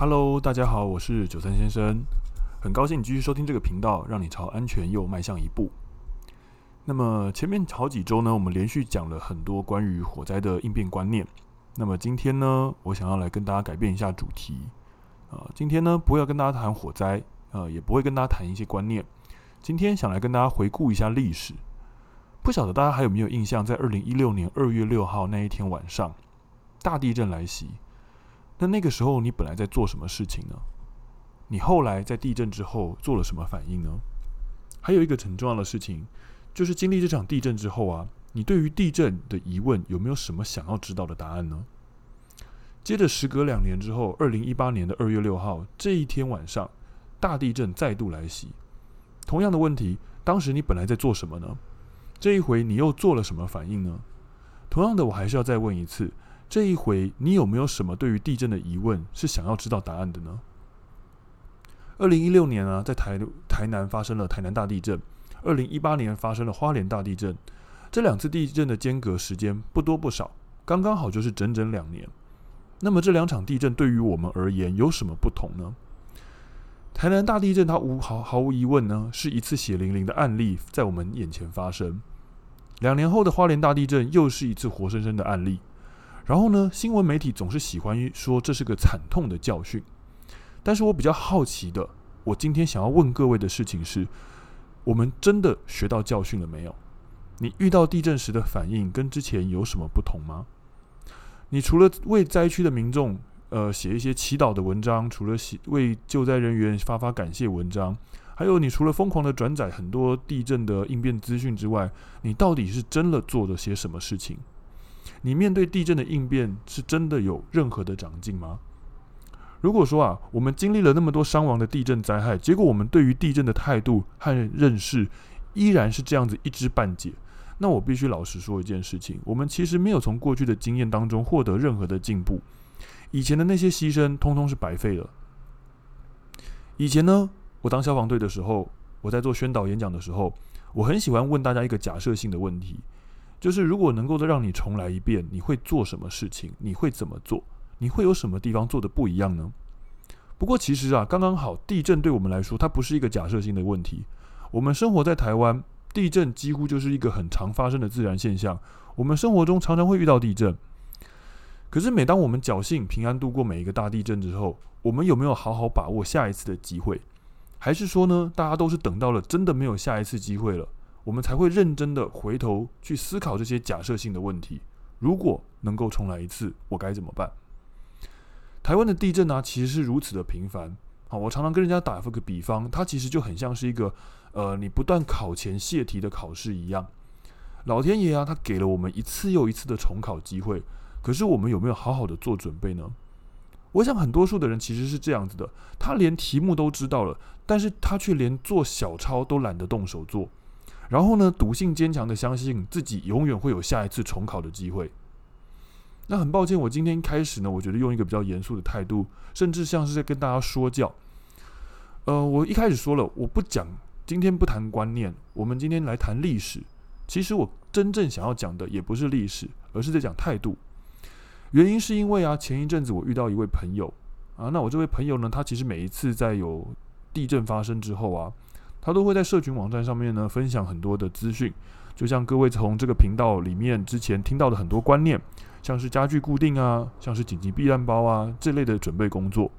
Hello，大家好，我是九三先生，很高興你繼續收聽這個頻道，讓你朝安全又邁向一步。那麼前面好幾周呢，我們連續講了很多關於火災的應變觀念。那麼今天呢，我想要來跟大家改變一下主題。啊，今天呢，不要跟大家談火災，啊、呃，也不會跟大家談一些觀念。今天想來跟大家回顧一下歷史。不曉得大家還有沒有印象，在二零一六年二月六號那一天晚上，大地震來襲。那那個時候你本來在做什麼事情呢？你後來在地震之後做了什麼反應呢？還有一個很重要的事情，就是經歷這場地震之後啊，你對於地震的疑問有沒有什麼想要知道的答案呢？接着，時隔兩年之後，二零一八年的二月六號這一天晚上，大地震再度來襲。同樣的問題，當時你本來在做什麼呢？這一回你又做了什麼反應呢？同樣的，我還是要再問一次。這一回，你有沒有什麼對於地震的疑問是想要知道答案的呢？二零一六年啊，在台台南發生了台南大地震，二零一八年發生了花蓮大地震，這兩次地震的間隔時間不多不少，剛剛好就是整整兩年。那麼這兩場地震對於我們而言有什麼不同呢？台南大地震它無毫毫無疑問呢，是一次血淋淋的案例在我們眼前發生。兩年後的花蓮大地震又是一次活生生的案例。然後呢，新聞媒體總是喜歡說，這是個慘痛的教訓，但是我比較好奇的，我今天想要問各位的事情是：我們真的學到教訓了沒有？你遇到地震時的反應跟之前有什麼不同嗎？你除了為災區的民眾呃寫一些祈禱的文章，除了寫為救災人員發發感謝文章，還有你除了瘋狂的轉載很多地震的應變資訊之外，你到底是真的做了些什麼事情？你面對地震的應變是真的有任何的長進嗎？如果說啊，我們經歷了那麼多傷亡的地震災害，結果我們對於地震的態度和認識依然是這樣子一知半解，那我必須老實說一件事情：我們其實沒有從過去的經驗當中獲得任何的進步，以前的那些犧牲通通是白費了。以前呢，我當消防隊的時候，我在做宣導演講的時候，我很喜歡問大家一個假設性的問題。就是如果能夠再讓你重來一遍，你會做什麼事情？你會怎麼做？你會有什麼地方做的不一樣呢？不過其實啊，剛剛好，地震對我們來說，它不是一個假設性的問題。我們生活在台灣，地震幾乎就是一個很常發生的自然現象。我們生活中常常會遇到地震。可是每當我們僥幸平安度過每一個大地震之後，我們有沒有好好把握下一次的機會？還是說呢，大家都是等到了真的沒有下一次機會了？我們才會認真的回頭去思考這些假設性的問題。如果能夠重來一次，我該怎麼辦？台灣的地震啊，其實是如此的頻繁。好，我常常跟人家打個比方，它其實就很像是一個呃，你不斷考前洩題的考試一樣。老天爺啊，他給了我們一次又一次的重考機會，可是我們有沒有好好的做準備呢？我想，很多數的人其實是這樣子的：他連題目都知道了，但是他卻連做小抄都懶得動手做。然後呢，篤信堅強的相信自己，永遠會有下一次重考的機會。那很抱歉，我今天開始呢，我覺得用一個比較嚴肅的態度，甚至像是在跟大家說教。呃，我一開始說了，我不講，今天不談觀念，我們今天來談歷史。其實我真正想要講的也不是歷史，而是在講態度。原因是因為啊，前一陣子我遇到一位朋友啊，那我這位朋友呢，他其實每一次在有地震發生之後啊。他都會在社群網站上面呢，分享很多的資訊，就像各位從這個頻道裡面之前聽到的很多觀念，像是家具固定啊，像是緊急避難包啊這類的準備工作。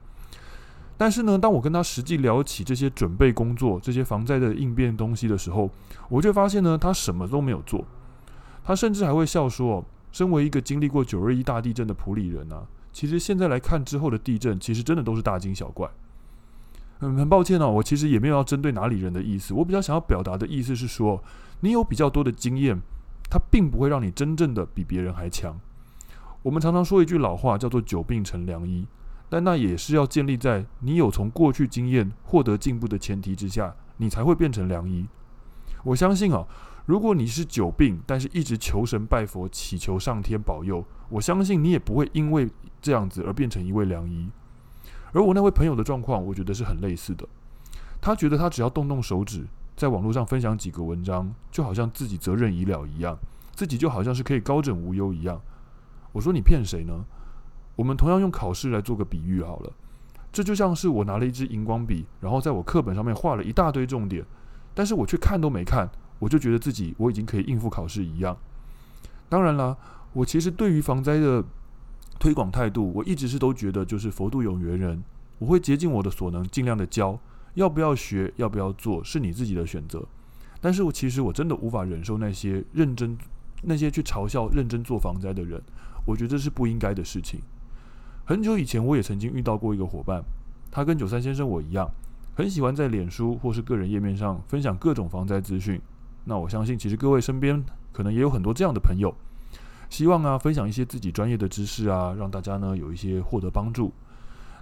但是呢，當我跟他實際聊起這些準備工作，這些防災的應變東西的時候，我卻發現呢，他什麼都沒有做。他甚至還會笑說：“身為一個經歷過九二一大地震的埔里人啊，其實現在來看之後的地震，其實真的都是大驚小怪。”很、嗯、很抱歉哦，我其實也沒有要針對哪裡人的意思，我比較想要表達的意思是說，你有比較多的經驗，它並不會讓你真正的比別人還強。我們常常說一句老話，叫做“久病成良醫”，但那也是要建立在你有從過去經驗獲得進步的前提之下，你才會變成良醫。我相信啊、哦，如果你是久病，但是一直求神拜佛，祈求上天保佑，我相信你也不會因為這樣子而變成一位良醫。而我那位朋友的狀況，我覺得是很類似的。他覺得他只要動動手指，在網絡上分享幾個文章，就好像自己責任已了一樣，自己就好像是可以高枕無憂一樣。我說你騙誰呢？我們同樣用考試來做個比喻好了。這就像是我拿了一支熒光筆，然後在我課本上面畫了一大堆重點，但是我卻看都沒看，我就覺得自己我已經可以應付考試一樣。當然啦，我其實對於防災的推廣態度，我一直是都覺得就是佛度有緣人，我會竭盡我的所能，盡量的教。要不要學，要不要做，是你自己的選擇。但是我其實我真的無法忍受那些認真，那些去嘲笑認真做防災的人，我覺得這是不應該的事情。很久以前，我也曾經遇到過一個夥伴，他跟九三先生我一樣，很喜歡在臉書或是個人頁面上分享各種防災資訊。那我相信，其實各位身邊可能也有很多這樣的朋友。希望啊，分享一些自己專業的知識啊，讓大家呢有一些獲得幫助。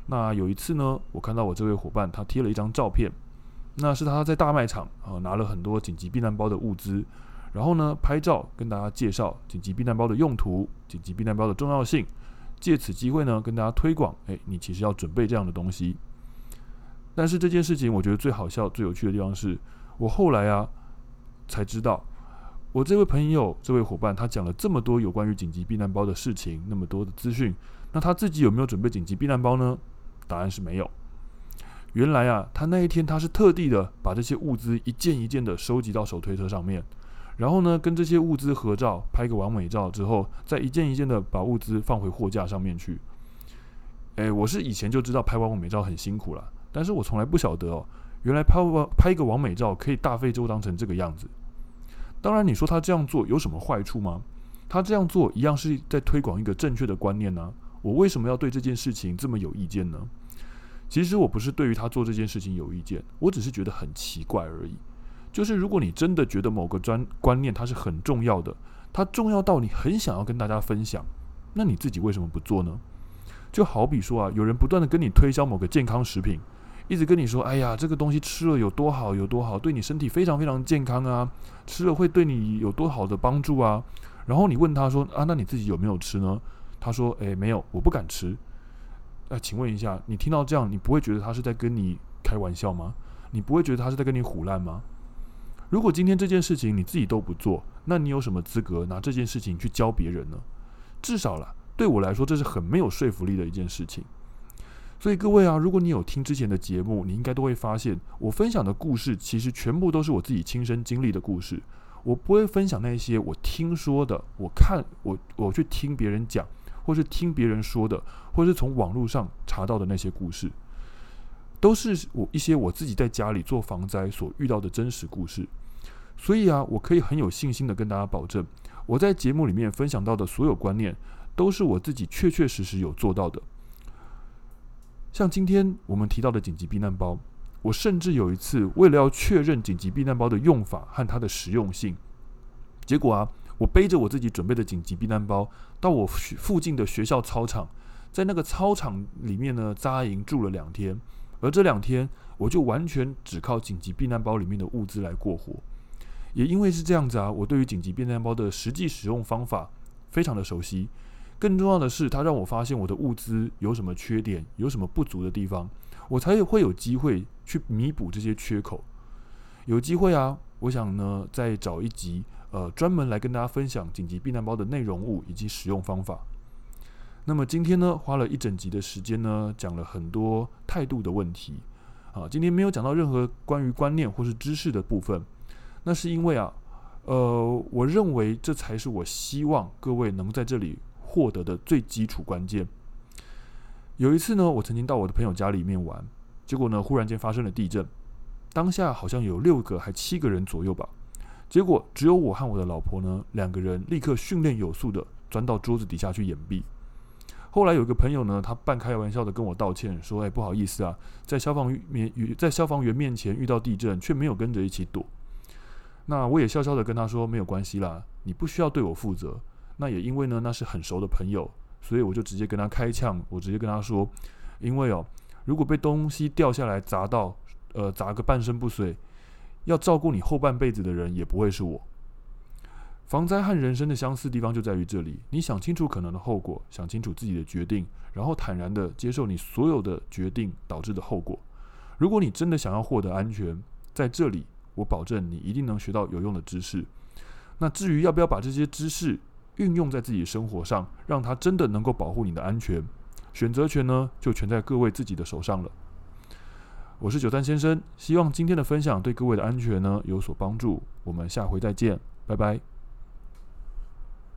那有一次呢，我看到我這位伙伴他貼了一張照片，那是他在大賣場啊、呃、拿了很多緊急避難包的物資，然後呢拍照跟大家介紹緊急避難包的用途、緊急避難包的重要性，借此機會呢跟大家推廣，哎、欸，你其實要準備這樣的東西。但是這件事情，我覺得最好笑、最有趣的地方是，我後來啊才知道。我這位朋友，這位夥伴，他講了這麼多有關於緊急避難包的事情，那麼多的資訊。那他自己有沒有準備緊急避難包呢？答案是沒有。原來啊，他那一天他是特地的把這些物資一件一件的收集到手推車上面，然後呢，跟這些物資合照，拍個完美照之後，再一件一件的把物資放回貨架上面去。誒、欸，我是以前就知道拍完美照很辛苦了，但是我從來不曉得哦，原來拍完拍一個完美照可以大費周章成這個樣子。當然，你說他這樣做有什麼壞處嗎？他這樣做一樣是在推廣一個正確的觀念呢啊。我為什麼要對這件事情這麼有意見呢？其實我不是對於他做這件事情有意見，我只是覺得很奇怪而已。就是如果你真的覺得某個專觀念它是很重要的，它重要到你很想要跟大家分享，那你自己為什麼不做呢？就好比說啊，有人不斷的跟你推銷某個健康食品。一直跟你說，哎呀，這個東西吃了有多好，有多好，對你身體非常非常健康啊！吃了會對你有多好的幫助啊！然後你問他說，啊，那你自己有沒有吃呢？他說，哎，沒有，我不敢吃。那、啊、請問一下，你聽到這樣，你不會覺得他是在跟你開玩笑嗎？你不會覺得他是在跟你唬爛嗎？如果今天這件事情你自己都不做，那你有什麼資格拿這件事情去教別人呢？至少啦，對我來說，這是很沒有說服力的一件事情。所以各位啊，如果你有聽之前的節目，你應該都會發現，我分享的故事其實全部都是我自己親身經歷的故事。我不會分享那些我聽說的、我看我我去聽別人講，或是聽別人說的，或是從網絡上查到的那些故事，都是我一些我自己在家裡做防災所遇到的真實故事。所以啊，我可以很有信心的跟大家保證，我在節目裡面分享到的所有觀念，都是我自己確確實實有做到的。像今天我們提到的緊急避難包，我甚至有一次為了要確認緊急避難包的用法和它的實用性，結果啊，我背着我自己準備的緊急避難包到我附近的學校操場，在那個操場裡面呢紮營住了兩天，而這兩天我就完全只靠緊急避難包裡面的物資來過活，也因為是這樣子啊，我對於緊急避難包的實際使用方法非常的熟悉。更重要的是，它讓我發現我的物資有什麼缺點，有什麼不足的地方，我才會有機會去彌補這些缺口。有機會啊，我想呢，再找一集，呃，專門來跟大家分享緊急避難包的內容物以及使用方法。那麼今天呢，花了一整集的時間呢，講了很多態度的問題啊。今天沒有講到任何關於觀念或是知識的部分，那是因為啊，呃，我認為這才是我希望各位能在這裡。獲得的最基礎關鍵。有一次呢，我曾經到我的朋友家裡面玩，結果呢，忽然間發生了地震。當下好像有六個還七個人左右吧，結果只有我和我的老婆呢兩個人，立刻訓練有素的鑽到桌子底下去隱蔽。後來有一個朋友呢，他半開玩笑的跟我道歉說：“哎、欸，不好意思啊，在消防面，在消防員面前遇到地震，卻沒有跟着一起躲。”那我也笑笑的跟他說：“沒有關係啦，你不需要對我負責。”那也因為呢，那是很熟的朋友，所以我就直接跟他開嗆。我直接跟他說：“因為哦，如果被東西掉下來砸到，呃，砸個半身不遂，要照顧你後半輩子的人也不會是我。”防災和人生的相似地方就在於這裡。你想清楚可能的後果，想清楚自己的決定，然後坦然的接受你所有的決定導致的後果。如果你真的想要獲得安全，在這裡，我保證你一定能學到有用的知識。那至於要不要把這些知識，運用在自己生活上，讓它真的能夠保護你的安全。選擇權呢，就全在各位自己的手上了。我是九三先生，希望今天的分享對各位的安全呢有所幫助。我們下回再見，拜拜。